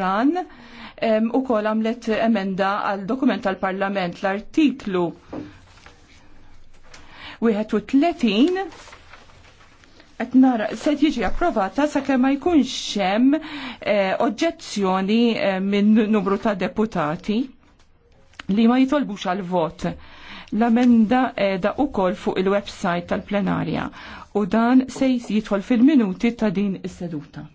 Iran u kol għamlet emenda għal dokument tal-Parlament l-artiklu 31 et nara se tiġi approvata sakemm ma jkunx hemm eh, oġġezzjoni eh, minn numru ta' deputati li ma jitolbux għal vot. L-amenda eh, da' u fuq il-website tal-plenarja u dan se jitħol fil-minuti ta' din is-seduta.